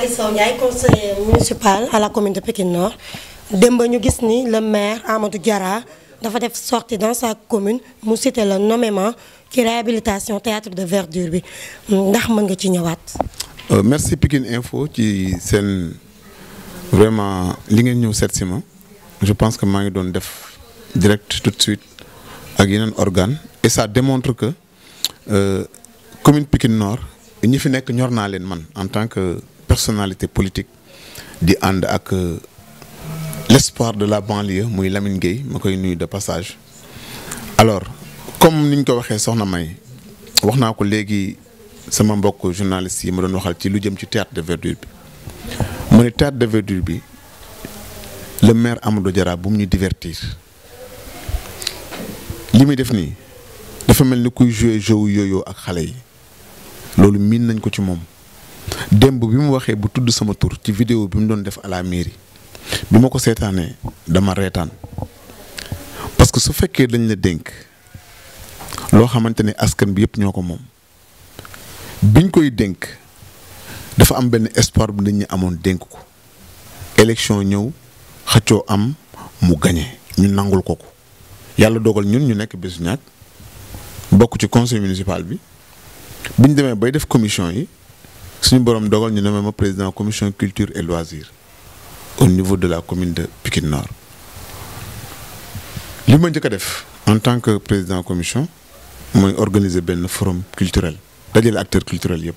y a un conseiller municipal à la commune de Pékin Nord Demba ñu le maire Amadou Diarra dafa def sortie dans sa commune mu cité la nommément qui réhabilitation théâtre de verdure bi ndax mën nga ci ñëwaat. Euh, merci Pékin Info qui est vraiment li ngeen ñëw je pense que je ngi vous def direct tout de suite ak yeneen organe et ça démontre que euh, commune Pékin Nord ñi fi nekk ñor en tant que personnalité politique di euh, l'espoir de la banlieue de passage alors comme niñ ko soxna May ko sama journaliste yi ma waxal théâtre de verdure de verdure le maire Amadou dit bu divertir li def ni dafa jouer jeu ak démb bi mu waxee bu tudd sama tour ci vidéo bi mu doon def à la mairie bi ma ko seetaanee dama reetaan parce que su fekkee dañ la dénk loo xamante ni askan bi yëpp ñoo ko moom biñ koy dénk dafa am benn espoir bi nit ñi amoon dénk ko élection ñëw xëccoo am mu gañe ñu nangul ko ko yàlla dogal ñun ñu nekk bésu ñaag bokk ci conseil municipal bi biñ demee bay def commission yi. suñu borom dogal ñu nommé ma président commission culture et loisirs au niveau de la commune de Pikine Nord li ma jëk def en tant que président commission moy organiser benn forum culturel dajale acteur culturel yépp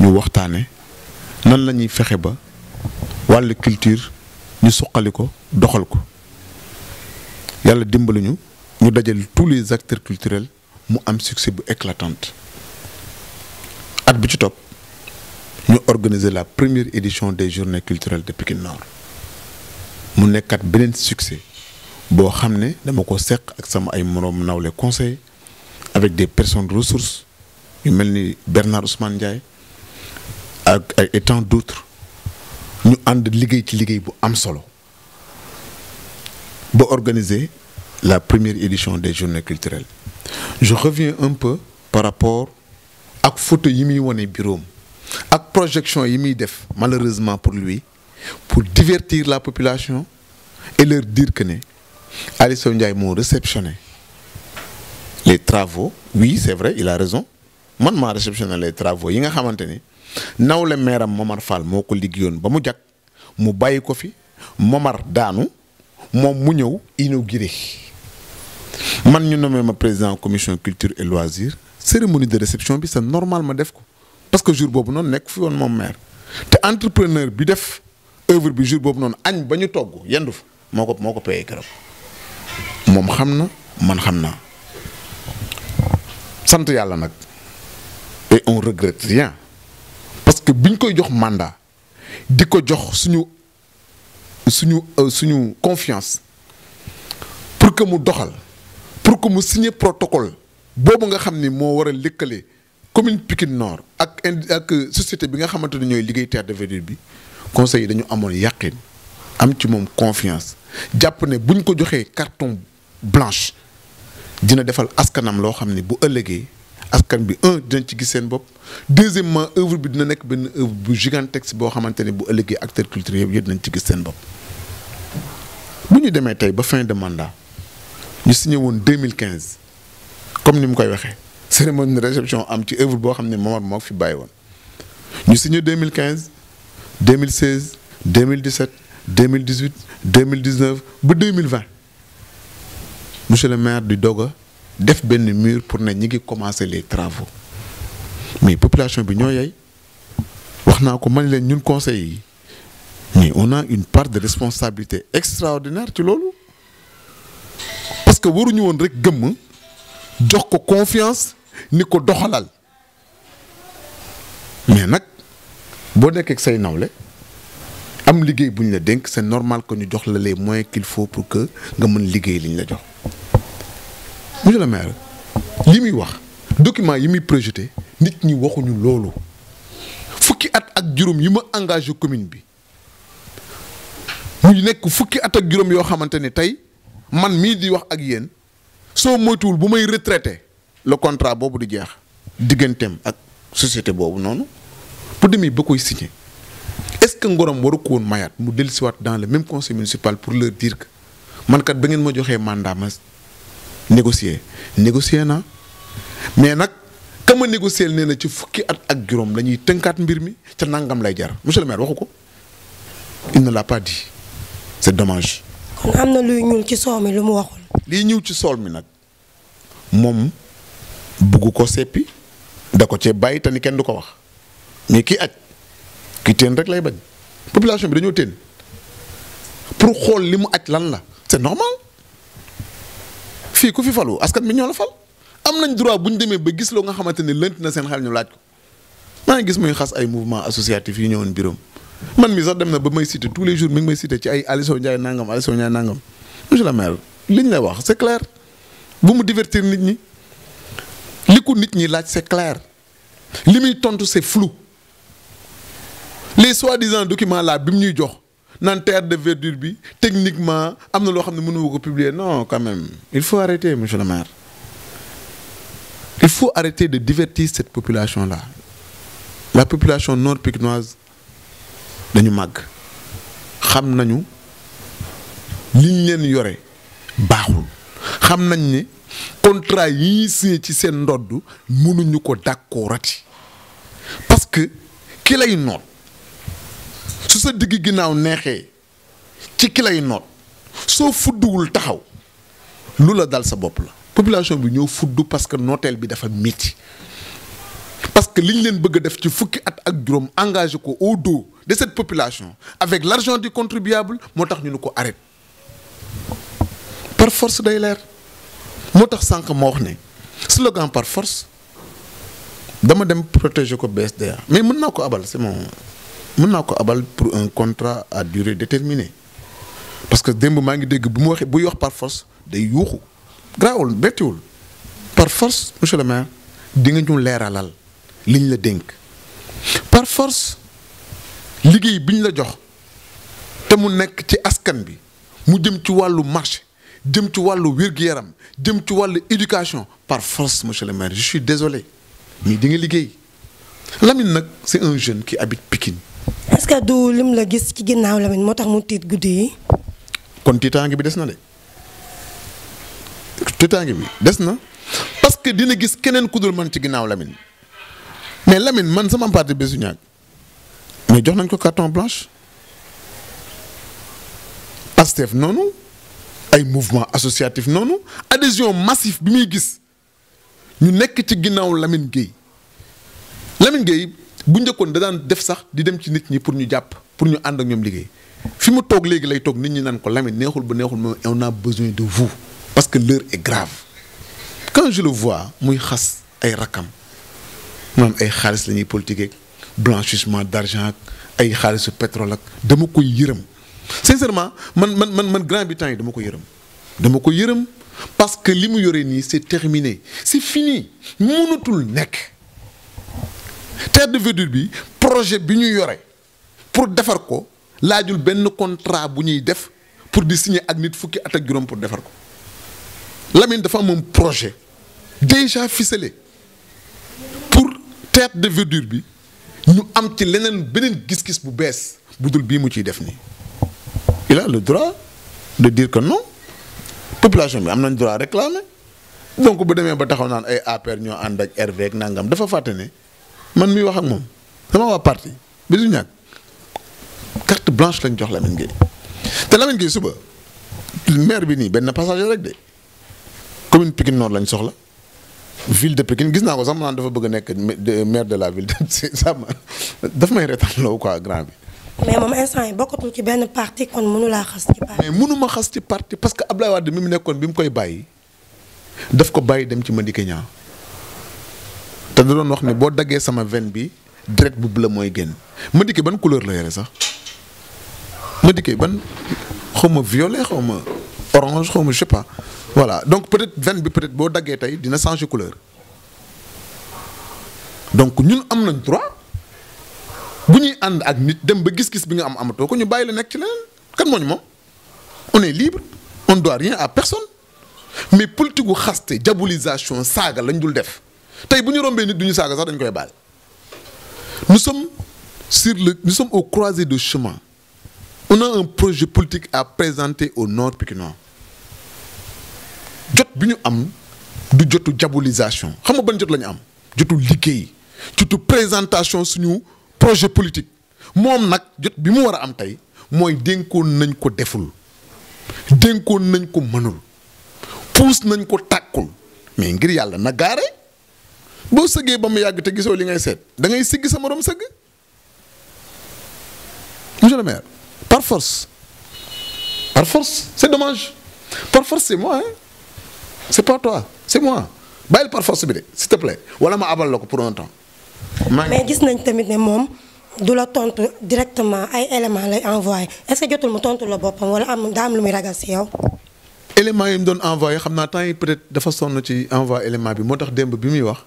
ñu waxtaane nan lañuy fexé ba la culture ñu suqali ko doxal ko yalla dimbali ñu ñu dajal tous les acteurs culturels mu am succès bu éclatante at nous ci topp la première édition des journées culturelles de Pikine Nord avons nekkat un succès de succès. dama ko ak conseil avec des personnes de ressources comme Bernard Ousmane Ndiaye et tant d'autres Nous avons liggéey ci liggéey bu am solo organiser la première édition des journées culturelles je reviens un peu par rapport ak photo yimi woné birom ak projection yimi def malheureusement pour lui pour divertir la population et leur dire que né Alisson Ndiaye m'a réceptionné les travaux oui c'est vrai il a raison man ma réceptionné les travaux yi nga xamante ni nawle meeram Momar Fall moko ko ba mu jag mu fi Momar Danou mom mu ñëw inauguré man ñu nommé ma président commission culture et loisirs cérémonie de réception c'est normal parce que jour n'est pas fi maire entrepreneur bi def œuvre bi jour ne noonu pas ba Je ne fa pas le et on regrette rien parce que on a un mandat si on a une confiance pour que nous pour que mu signer protocole bobu nga xamni mo moo lekkale commune Pikine Nord ak ak société bi nga xamante ñoy liguey terre de verdure bi conseil dañu amone yàqin am ci mom confiance japp ne buñ ko joxé carton blanche dina defal askanam lo xamni bu ëllëgee askan bi un dina ci gis sen bop deuxièmement œuvre bi dina nek ben œuvre bu gigantesque bo xamante bu ëllëgee acteur culturel yëpp yëpp dinañ ci gis sen bop buñu démé tay ba fin de mandat ñu signé won 2015 comme nous avons koy la cérémonie de réception am ci œuvre boo xam ne Momar signé 2015 2016 2017 2018 2019 2020 monsieur le maire du Doga, a fait un mur pour commencer les travaux mais population bi ñoo yey conseil mais on a une part de responsabilité extraordinaire ci parce que waruñu que rek gëmm jox ko confiance ni ko doxalal mais nak bo nek ak say nawle am liguey buñ la denk c'est normal que ñu jox la les moyens qu'il faut pour que nga mën liguey liñ la jox. monsieur le maire limi wax document yimi projeté nit ñi waxu ñu lolu fukki at ak jurum yima engagé commune bi ñu nek fukki at ak jurum yo xamanteni tay man mi di wax ak yéen soo moytuwul bu may retraité le contrat boobu di jeex digganteem ak société boobu noonu Pour demee ba koy signé est-ce que ngorom waru ko woon mayaat mu dellusiwaat dans le même conseil municipal pour leur dire que man kat ba ngeen ma mandat ma négocier négocier naa mais nag ka ma négocier nee na ci fukki at ak juróom la ñuy tënkaat mbir mi ca nangam lay jar monsieur le maire waxu ko il ne l'a pas dit c'est dommage. am na luy ñuul ci soow mi lu mu lii ñëw ci sol mi nag moom bugg ko seppi da ko cee bàyyi te ni kenn du ko wax mais kii aj ki teen rek lay bañ population bi dañoo teen pour xool li mu aj lan la c'est normal fii ku fi falu askan bi ñoo la fal am nañ droit bu ñu demee ba gis loo nga xamante ni lënt na seen xel ñu laaj ko maa ngi gis muy xas ay mouvement associatif yu ñëwoon biroom man mi sax dem na ba may cité tous les jours mi may cité ci ay Aliou Sow Ndiaye nangam Aliou Sow Ndiaye c'est clair Vous mu divertir nit ñi nit ñi c'est clair li c'est flou les soi-disant documents là bi terre de verdure techniquement am na loo publier non quand même il faut arrêter monsieur le maire il faut arrêter de divertir cette population là la population nord pikinoise dañu mag. xam nañu liñ leen baaxul xam nañ ni contrat yi see ci seen ndodd mënuñu ko dàkkoorati parce que ki lay noot su sa digg ginnaaw neexee ci ki lay noot soo fudduwul taxaw lu la dal sa bopp la population bi ñoo fudd parce que nooteel bi dafa métti parce que liñ leen bëgg def ci fukki at ak juróom engagé ko au dos de cette population avec l'argent du contribuable moo tax ñu ne ko arrête par force day leer motax sank slogan par force dama dem protéger ko BSDA mais mën abal c'est mon mën abal pour un contrat à durée déterminée parce que démb ngi bu par force day yuxu garaawul bettiwul par force monsieur le maire di nga ñu ligne par force liggéey biñ la jox te mu nekk ci askan bi mu marché yaram par force monsieur le maire je suis désolé mais di nga liguey Lamine c'est un jeune qui habite Pikine. est-ce que ne lim la gis ci Lamine motax mu kon bi des na de bi des na parce que dina gis kenen man ci Lamine mais Lamine man sama parti mais jox carton blanche Pastef non ay mouvement associatif non. adhésion massive bi muy gis ñu nekk ci ginnaaw Lamine Gueye Lamine Gueye bu njëkkoon da daan def sax di dem ci nit ñi pour ñu japp, pour ñu and ak ñom liggéey fi mu toog léegi lay tok nit ñi nan ko Lamine neexul bu neexul on a besoin de vous parce que l'heure est grave quand je le vois muy xass ay rakam maanaam ay xaliss lañuy ñuy politique ak blanchissement d'argent ay xaliss pétrole ak dama koy yërëm sincèrement man man man grand habitant, dama ko ce parce que li c'est terminé c'est fini de verdure projet bi ñu pour defar ko laajul un contrat bu ñuy def pour di signer ak nit fukki pour defar ko Lamine dafa un projet déjà ficelé pour tête de verdure nous ñu am ci leneen gis le droit de dire que non population a le droit droit réclamer donc bu demee ba taxaw naan ay APR un ak RV nangam dafa man wax parti carte blanche lañ jox Lamine Gueye te Lamine Gueye Le maire de commune ville de je maire de la ville de daf may suis quoi mais moom instant yi beaucoup ci parti kon quand ci parti. mais monu ma parti parce que Abdoulaye Wade mi mu quand koy bàyyi daf ko dem ci doon wax sama veine bi ban couleur la sax ban violet orange je sais pas voilà donc peut-être veine bi peut-être dina changer couleur donc nous avons trois buñuy and ak nit dem ba gis-gis bi on est libre on doit rien à personne mais politique xaste diabolisation saga, lañ dul def tay buñu rombé nit duñu saga sax dañ koy nous sommes sur nous sommes au croisé de chemin on a un projet politique à présenter au nord pékinois. jot biñu am du jotu diabolisation xam nga ban jot la am jotu liggéey jotu présentation suñu projet politique jot bi mu am mais ngir na un projet te li ngay da ngay monsieur le maire par force par force c'est dommage par force c'est moi hein. c'est pas toi c'est moi projet par force s'il te plaît Voilà ma abal pour un temps mais nañ tamit la directement ay éléments envoyé est-ce que jotul mu tontu la wala am envoyé Je naa yi peut-être dafa de ci envoyé élément bi moo je bi muy wax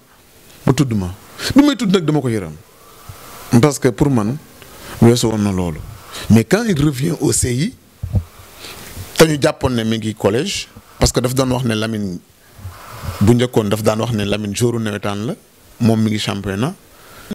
en parce que pour moi, je suis na mais quand il revient au CI on mi ngi collège parce que daf wax Lamine bu daf daan wax un Lamine moom mi ngi na